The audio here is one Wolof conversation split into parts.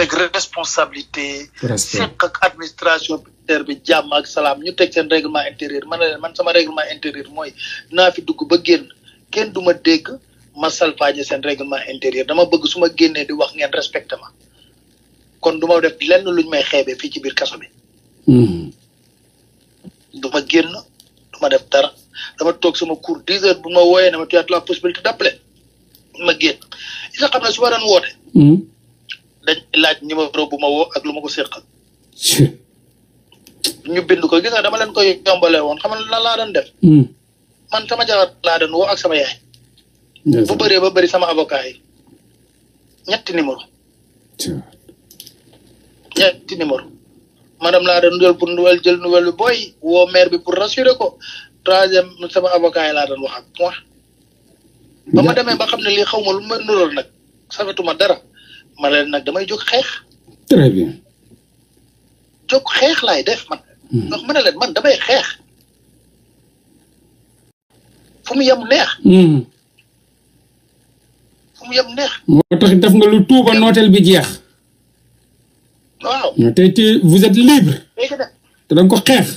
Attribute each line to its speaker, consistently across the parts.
Speaker 1: rek responsabilité. responsabilité ak administration budgétaire bi jàmm ak salaam ñu teg seen règlement intérieur man leen man sama règlement intérieur mooy naa fi dugg ba génn kenn du ma dégg ma salfaaje seen règlement intérieur dama bëgg suma génnee di wax ngeen respecté kon du ma def lenn luñ may xeebe fii ci biir kaso bi. Hmm. duma ma génn du def dara dama toog sama cour dix heures bu ma wooyee ne ma tu as la possibilité d'appeler ma génn isa xam ne su ma woote. Hmm. dañ laaj numéro bu ma woo ak lu ma ko séqal ñu bind ko gis nga dama leen koy yombale woon xam nga lan laa doon def hmm. man sama jabar laa doon woo ak sama yaay bu bëree ba bëri sama avocat yi ñetti numéro ñetti numéro madame laa doon jël pour nouvelle jël nouvelle bi booy woo maire bi pour rassurer ko troisième sama avocat yi laa doon wax ak moi ba ma ba xam ne lii xaw ma lu ma nural nag safetuma dara ma leen nag damay jóg xeex. très bien. jóg xeex laay def man. donc hmm. ma ne leen damay xeex. fu mu yem neex. Hmm. fu mu yem
Speaker 2: moo tax def nga lu tuuba nooteel bi jeex. waaw tey tey vous êtes libre. léegi nag te da ko xeex.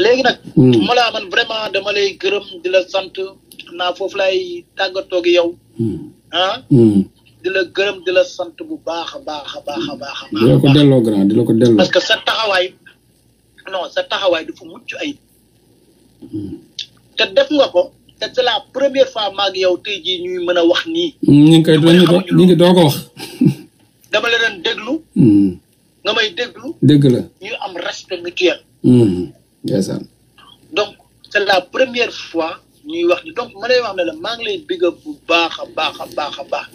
Speaker 1: léegi nag. ma hmm. laa man vraiment dama lay gërëm di la sant naa foofu lay tàggatoo ak yow. ah. di la gërëm di la sant bu baax a baax a baax a baax.
Speaker 2: di la ko delloo grand di la ko delloo. parce
Speaker 1: que sa taxawaay non sa taxawaay dafa mucc ayib. Hmm. te def nga ko te c'est la première fois maa yow tey jii ñuy mën a wax nii.
Speaker 2: Hmm, ñu ngi koy ñu ngi doo ko wax.
Speaker 1: dama la doon déglu. Hmm. nga déglu. dégg la ñu am respect mutuel. ndeysaan. ñuy wax ni ma wax ne la maa ngi lay big baax a baax a baax a baax.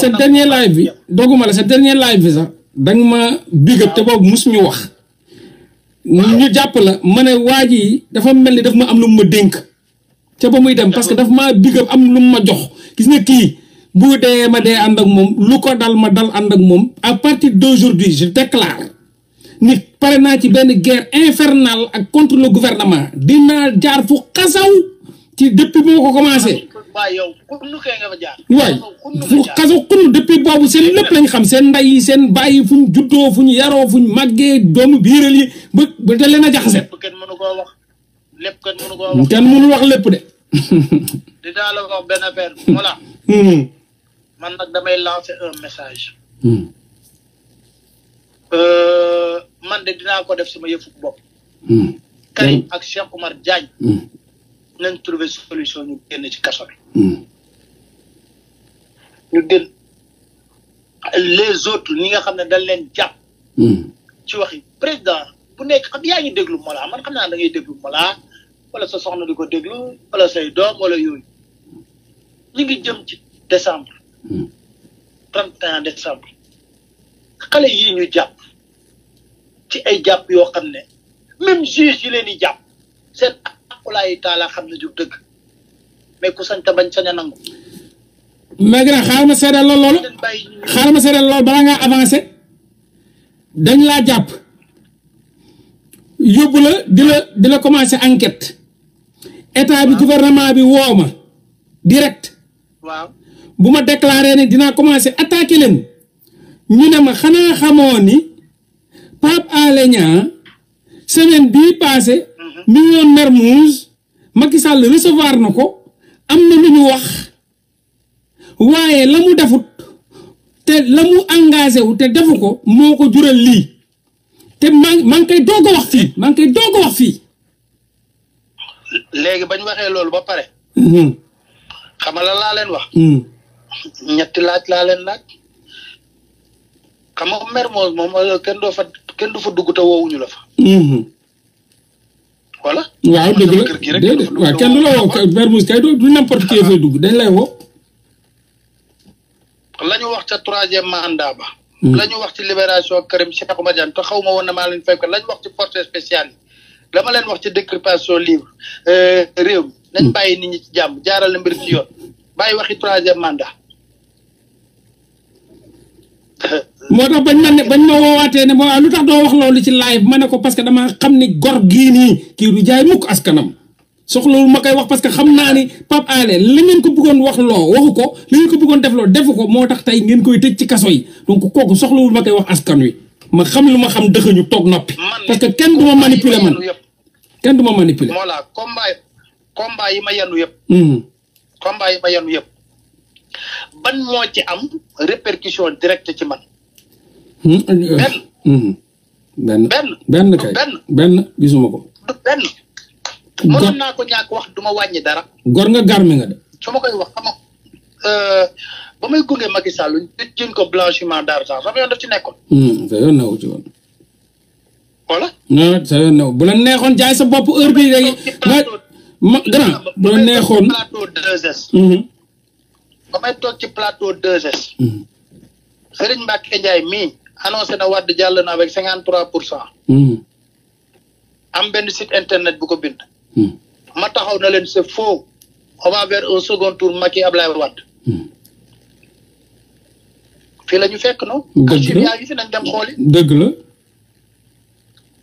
Speaker 1: sa dernier la
Speaker 2: sa da nga ma big te boobu mus wax. ñu jàpp ma ne waa ji dafa mel ni daf ma am lu mu ma dénk. ca ba muy dem parce que daf maa big am lu mu ma jox gis nga kii bu dee ma dee ànd ak moom lu ko dal ma dal ànd ak moom. à partir d'aujourd'hui je déclare. nit pare naa ci benn guerre infernale ak contre le gouvernement dinaa jaar fu xasaw. ci depuis bu ma ko commencé. waay fu kaso xunn depuis boobu seen lépp lañ xam seen ndey seen bàyyi fuñ juddoo fuñ yaro fuñ màggee doomu biiral yi ba ba da seen a jaxase. kenn mënu koo
Speaker 1: wax lépp kenn mënu koo wax. wax lépp de. dinaa la wax benn affaire hmm. man nag damay lancer un message. Hmm. Euh, man de dinaa ko def sama yëfu bopp. Hmm. Karim ak Cheikh Oumar Diagne. nañ trouver solution ñu génn ci kaso bi. Hmm. ñu génn les autres ñi nga xam ne dañ leen jàpp. Hmm. ci waxi président bu nekk xam yaa ngi déglu Mollah man xam naa da ngay déglu Mollah wala sa soxna di ko déglu wala say doom wala yooyu ñu ngi jëm ci décembre. 31 hmm. décembre. xale yii ñu jàpp ci ay jàpp yoo xam ne même juge yi leen di jàpp seen. xaqulaayu taala xam ne du dëgg mais ku bañ sañ a nangu.
Speaker 2: léegi nag xaaral ma seedeel lool loolu xaaral ma seedeel loolu avancé dañ laa jàpp yóbbu la di la commencé enquête état bi gouvernement bi woo ma direct. waaw bu ma déclaré ne dinaa commencé attaqué leen ñu ne ma xanaa xamoo ni Pape Alé Niang semaine bii passé million Mermoz Macky Sall recevoir na ko am na lu ñu wax waaye la mu te la mu engagé wu te defu ko moo ko jural lii te maa maa ngi koy doog a wax fii maa ngi koy doog a wax fii.
Speaker 1: léegi bañ waxee loolu ba pare. Mhm. xam nga lan laa leen wax. Mhm. ñetti laaj laa leen laaj. xam nga Mermoz moom kenn doo fa kenn du fa dugg te woowuñu la fa.
Speaker 2: Mhm. voilà. waaw dëgg la kër gi rek déedéet waaw kenn du la woo Mermoz kay du n'importe qui fay dugg dañ lay woo.
Speaker 1: la ñu wax ca troisième mandat ba. Hmm. la ñu wax ci libération Karim Cheikh Oumar Diagne te xaw ma woon na maa leen fekk la wax ci force spéciale yi dama leen wax ci décrépation libre euh, réew mi nañ hmm. bàyyi nit ci jàmm jaarale mbir ci yoon bàyyi waxi troisième mandat.
Speaker 2: moo tax bañ ma ne bañ ma woowaatee ne ma ah, lu tax doo wax loolu ci live ma ne ko parce que damaa xam ni gor gii nii kii du jaay mukk askanam soxlawul ma koy wax parce que xam naa ni Pape Alé li ngeen ko bëggoon wax loo waxu ko li ko bëggoon def loo defu ko moo tax tey ngeen koy tëj ci kaso yi donc kooku soxlawul ma koy wax askan wi ma xam lu ma xam dëxëñu toog noppi. parce que kenn du ma manipuler man kenn du ma manipuler. voilà
Speaker 1: combat combat yi ma yanu yëpp.
Speaker 2: Hmm. combat yi ma yëpp.
Speaker 1: ban moo ci am répercussion directe ci man.
Speaker 2: Hmm? Euh, euh, hmm. benn. benn benn kay benn gisuma ko. du benn. mënoon
Speaker 1: naa ko ñàkk wax duma ma wàññi dara. gor nga garmi nga de. ma koy wax xam nga euh, ba may gunge Macky Sall ñu jën ko blanchiment d'argent sama yoon daf ci nekkoon.
Speaker 2: Hmm, sa yoon newu ci bu la neexoon jaay sa bopp heure bi léegi. ma grand bu neexoon. plateau
Speaker 1: ba may toog ci plateau 2S. Hmm. Serigne Mbacke Ndiaye mi annoncé na Wade jàll na avec cinquante trois pour cent. Hmm. am benn site internet bu ko bind. Hmm. ma taxaw na leen c'est faux on va vers un second tour Macky Ablaye
Speaker 2: Wade. fii
Speaker 1: la ñu fekk no
Speaker 2: dëgg la yi
Speaker 1: fi nañ dem xooli. dëgg la.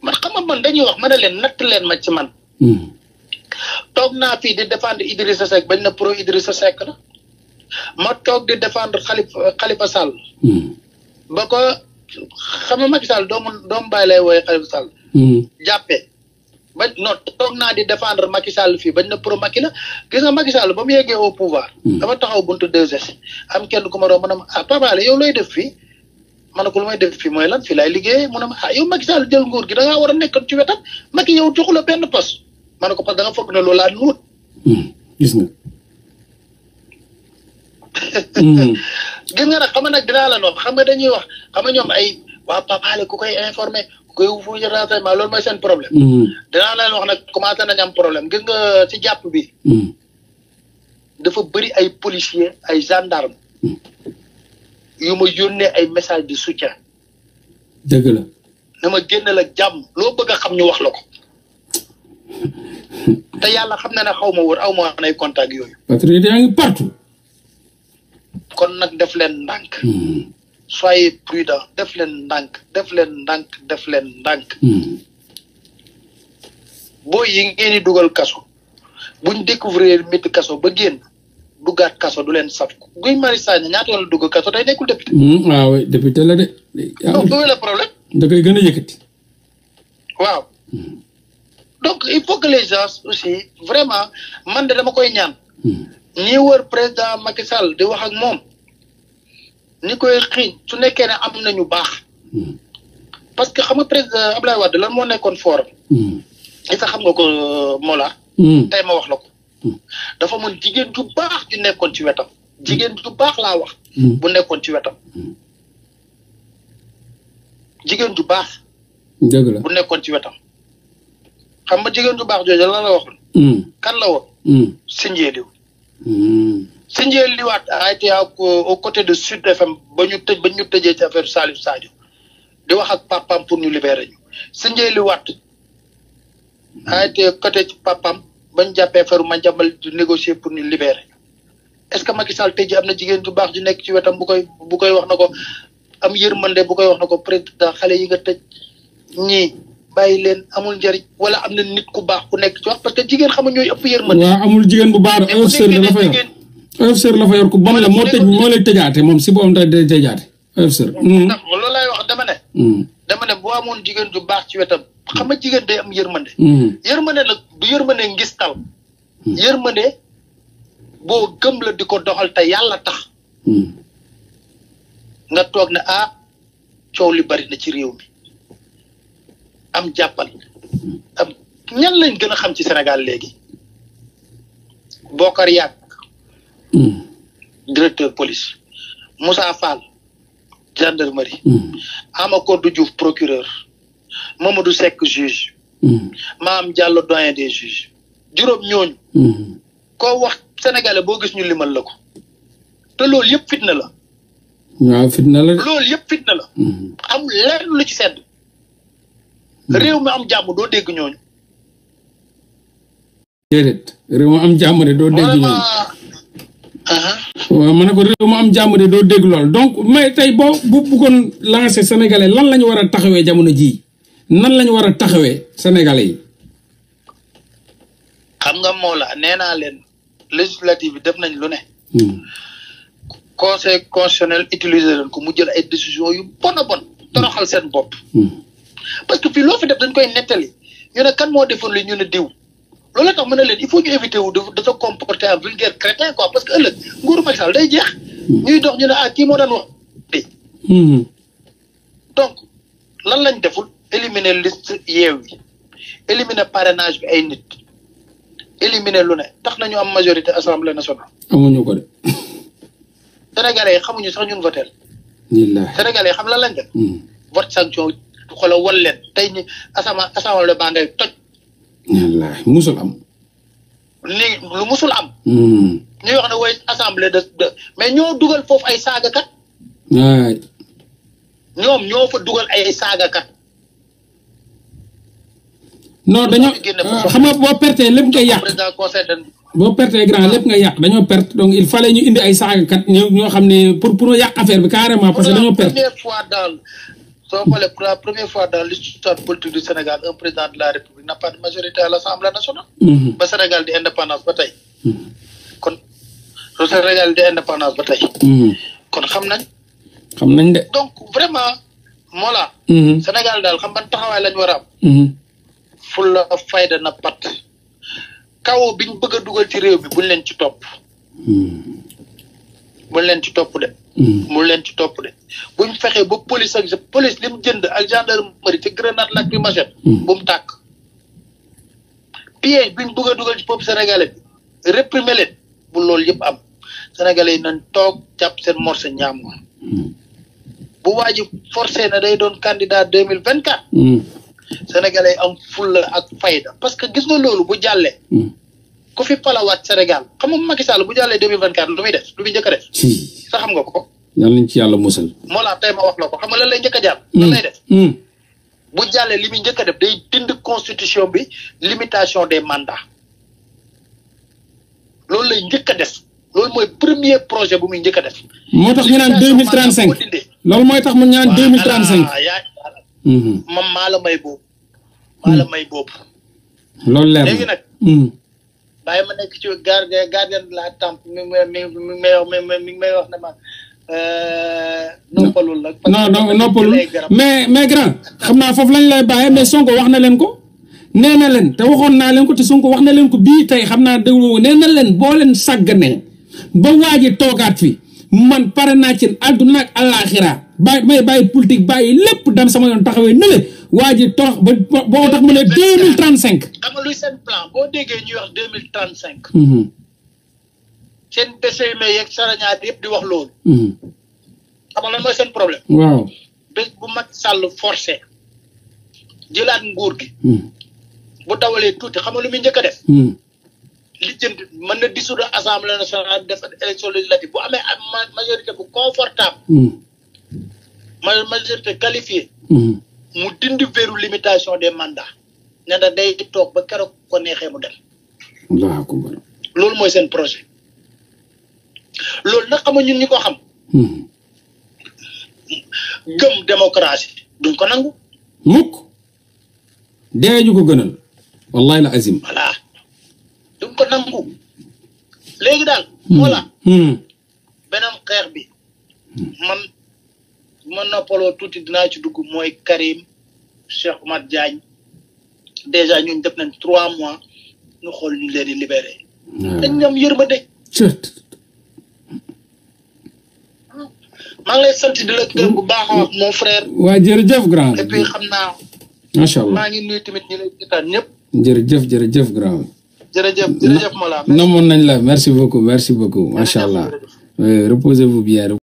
Speaker 1: man xam nga man dañuy wax ma ne leen natt leen ma ci man. toog naa fii di défendre Idrissa Seck bañ na pro sa Seck la. ma toog di défendre Khalifa Khalifa Sall. Hmm. ba ko xam nga Macky Sall doomu doomu bàyyi lay wooyee Khalifa Sall. Hmm. jàppee ba non toog naa di défendre Macky Sall fii bañ na pro Macky la gis na Macky Sall ba mu yeggee au pouvoir. Hmm. dama taxaw buntu 2S am kenn ku ma doon ma ne ma ah Papa yow looy def fii. ma ko lu may def fii mooy lan fii laay liggéeyee mu ne ma ah yow Macky jël nguur gi da ngaa war a nekk ci wetam Macky yow joxu la benn poste ma ne ko parce que da nga foog ne loolu laa wut.
Speaker 2: gis nga. Hmm.
Speaker 1: gën nga nag xam nga nag dinaa la noonu xam nga dañuy wax xam nga ñoom ay waa Papaale ku koy informé ku koy wufu renseignement loolu mooy seen problème. Hmm. dinaa leen wax nag commencé nañ am problème gën nga ci jàpp bi. Hmm. dafa bëri ay policier ay gendarme yu ma ne ay message de soutien. dëgg la. na ma génne la jàmm loo bëgg a xam ñu wax la ko. te yàlla xam na ne xaw ma wër aw ma woon contact yooyu. kon nag def leen ndànk hmm. soyez prudent def leen ndànk def leen ndànk def leen ndànk hmm. boo yi ngeen dugal kaso buñ découvrir métti kaso ba génn duggaat kaso du leen saf Guy Marius Sagna ñaata yoon la dugg kaso tey nekkul
Speaker 2: député hmm, waaw député la
Speaker 1: de problème
Speaker 2: da koy gën a
Speaker 1: waaw donc il faut que les aussi vraiment man de dama koy ñaan ñi wër président Macky Sall di wax ak moom ni koy xiiñ su nekkee ne am nañu baax hmm. parce que xam nga président euh, Abdoulaye Wade lan moo nekkoon foor
Speaker 2: li
Speaker 1: sax xam nga ko euh, Mola hmm. tey ma wax la ko hmm. dafa mën jigéen ju baax ju nekkoon ci wetam jigéen ju baax laa wax bu nekkoon ci wetam jigéen ju baax bu nekkoon ci wetam xam nga jigéen ju baax jooju a la waxoon kan la
Speaker 2: woon
Speaker 1: sinjeeliw Sindié Liwaat a été au côté de Sud FM ba ñu tëj ba ñu tëjee ci affaire Salif Sadio di wax ak papam pour ñu libérer ñu Sindié Liwaat a été côté ci papam ba ñu jàppee affaire Madiambal di négocier pour ñu libérer est-ce que Macky Sall tey am na jigéen ju baax ju nekk ci wetam bu koy bu koy wax na ko am yërmande bu koy wax na ko président xale yi nga tëj ñii bàyyi leen amul njëriñ wala am na nit ku baax ku nekk ci wax parce que jigéen xam nga ñooy ëpp yërmande. waaw amul jigéen bu baax
Speaker 2: OFCR la fa yor ko ba mu ne moo tëj moo lay tëjaate moom si boobu day tëjaate OFCR. ndax hmm. loolu lay wax hmm.
Speaker 1: dama ne. boo amoon jigéen ju baax ci wetam xam nga jigéen day am
Speaker 2: yërmande. Hmm.
Speaker 1: yërmande nag du yërmande ngis tal. yërmande boo gëm la di ko doxal te yàlla tax. nga toog ne a ah, coow li bari na ci réew mi am jàppal am ñan lañ gën a xam ci Sénégal léegi Bokar Yàgg. Hmm. directeur police Moussa Fall gendarmerie hmm. Amakodou Diouf procureur Mamadou Seck juge hmm. Maam Diallo doyen des juges juróom ñooñu koo wax sénégalais boo gis ñu limal la ko te loolu yëpp fitna la
Speaker 2: waaw fitna la
Speaker 1: loolu yëpp fitna la amul lenn ci sedd réew mi am jàmm doo dégg ñooñu
Speaker 2: déedéet réew mi am jàmm ne doo dégg ñooñu waaw ma ne ko réew mu am jàmm de doo dégg donc mais tey boo bu bëggoon lancer sénégalais lan la ñu war a taxawee jamono jii nan lañu ñu war a taxawee sénégalais xam nga Mawla nee naa leen législative bi def nañ lu ne. Hmm.
Speaker 1: conseil constitutionnel utiliser leen ko mu jël ay décision yu bon a bon toroxal seen bopp. Hmm. parce que fii loo fi def dañ koy nettali ñu ne kan moo defoon li ñu ne diw. loolu la tax mën leen il faut ñu éviter wu de se comporter en vulgaire crétin quoi parce que ëllëg nguuru Macky day jeex. Hmm. ñuy dox ñu ne ah kii moo daan wax dee. Hmm. donc lan lañ deful éliminer liste yeew yi éliminer parrainage bi ay nit éliminer lu ne tax nañu am majorité assemblée nationale. amuñu ko de. Sénégalais yi xamuñu sax ñun voté. alhamdulilah Sénégalais xam lan lañ def. Hmm. vote sanction xoolal wal leen tey ñi assemblée baa ngay toj.
Speaker 2: wallaahi musul am.
Speaker 1: lii musul am. Hmm. ñuy wax ne woy assemblée de de mais ñoo dugal foofu ay saagakat. waay. ñoom ñoo fa
Speaker 2: dugal ay saagakat. non dañoo ah, xam nga boo pertee lépp nga yàq boo pertee grand lépp nga yàq dañoo perte donc il fallait ñu indi ay saagakat ñoo xam ne pour pour yàq affaire bi carrément parce que dañoo perte.
Speaker 1: soo xoolee pour la première fois dans l'histoire politique du Sénégal un président de la République n'a pas de majorité à l'Assemblée nationale. Mhm. ba Sénégal di indépendance ba tey. Mhm. kon lu Sénégal di ba tey. Mhm. kon xam nañ. xam nañ de. donc vraiment mola Sénégal daal xam ban taxawaay lañ war a am. fulla fayda na pat kaw biñ bëgg a dugal ci réew mi buñ leen ci topp. buñ leen ci topp de. Mm. mu leen ci topp de bu ñu fexee ba police ak police li mu jënd ak gendarmerie ci grenade lacrymogène mm. bu mu tàkk piège bi ñu bëgg a dugal ci leen bu loolu yëpp am sénégalais yi nañ toog jàpp seen morse ñaam ma mm. bu waa ji forcé na day doon candidat deux mille vingt quatre sénégalais am fulla ak fayda parce que gis nga loolu bu jàllee ku fi palawaat Sénégal xam nga Macky Sall bu jàllee 2024 lu muy def lu muy njëkk
Speaker 2: a def. sa xam nga ko. yàlla nañ ci yàlla musal.
Speaker 1: moo la tey ma wax la ko xam nga lan lay njëkk a jàpp. Hmm. lan lay def. Hmm. bu li muy njëkk a def day dind constitution bi limitation des mandats loolu lay njëkk def loolu mooy premier projet bu muy njëkk def.
Speaker 2: moo tax ñu naan deux mille trente cinq loolu mooy tax mu ñaan naan deux mille trente cinq.
Speaker 1: moom may boobu. maa la hmm. may boobu. loolu leer na léegi nag. bàyyi ma nekk ci gardien gardien de la mi mi may wax mi may wax ne ma euh, noppalul nag.
Speaker 2: mais mais grand xam naa foofu lañ lay bàyyee mais Sonko wax na leen ko. nee na leen te waxoon naa leen ko te Sonko wax na leen ko bii tey xam naa déglu nee na leen boo leen sàgganee ba waa ji toogaat fi man pare naa ci àdduna ak àllaaxira baa may bàyyi politique bàyyi lépp dem sama yoon taxawee nële. waa ji torox ba boo tax mu ne deux mille trente cinq.
Speaker 1: xam nga luy seen plan boo déggee ñuy wax deux mille trente cinq. Mm-hmm. seen BCM e yeeg sarañaat yëpp di wax loolu. Mm-hmm. xam nga lan seen problème. waaw bés bu mag sàll forcé jëlaat nguur gi. Mm-hmm. bu dawalee tuuti xam nga lu muy njëkk a def. li jënd mën na dissoudre assemblée nationale def élection législative bu amee majorité bu confortable. majorité qualifiée. mu dindi veru limitation des manda ne na day toog ba keroog ko neexee mu dem. allahu loolu mooy seen projet. loolu nag xam ñun ñi ko xam. Hmm. gëm démocratie duñ ko nangu.
Speaker 2: mukk dee ñu ko gënal. wallahi la azim. voilà
Speaker 1: duñ ko nangu. léegi daal.
Speaker 2: Hmm. voilà. Hmm.
Speaker 1: beneen xeex bi man. bu ma noppaloo tuuti dinaa ci dugg mooy Karim Cheikh mat Diagne déjà ñuñ def nañ trois mois ñu xool ñu leen di libéré. dañ ñoom yërmande. maa ngi la gërëm baax mon frère.
Speaker 2: waa jërëjëf grand. et
Speaker 1: puis xam naa.
Speaker 2: macha maa ngi
Speaker 1: nuyu tamit ñi lay jotaan ñëpp.
Speaker 2: jërëjëf jërëjëf grand. jërëjëf jërëjëf Mollah. namoon nañ la merci beaucoup merci beaucoup macha allah. reposez-vous bien.